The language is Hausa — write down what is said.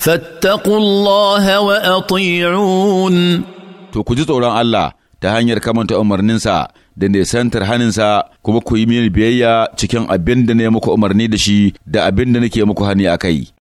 فاتقوا الله وأطيعون to ku ji tsoron Allah ta hanyar kamanta umarninsa da nisantar haninsa kuma ku yi mini biyayya cikin abin da ne muku umarni da shi da abin da nake muku hani a kai.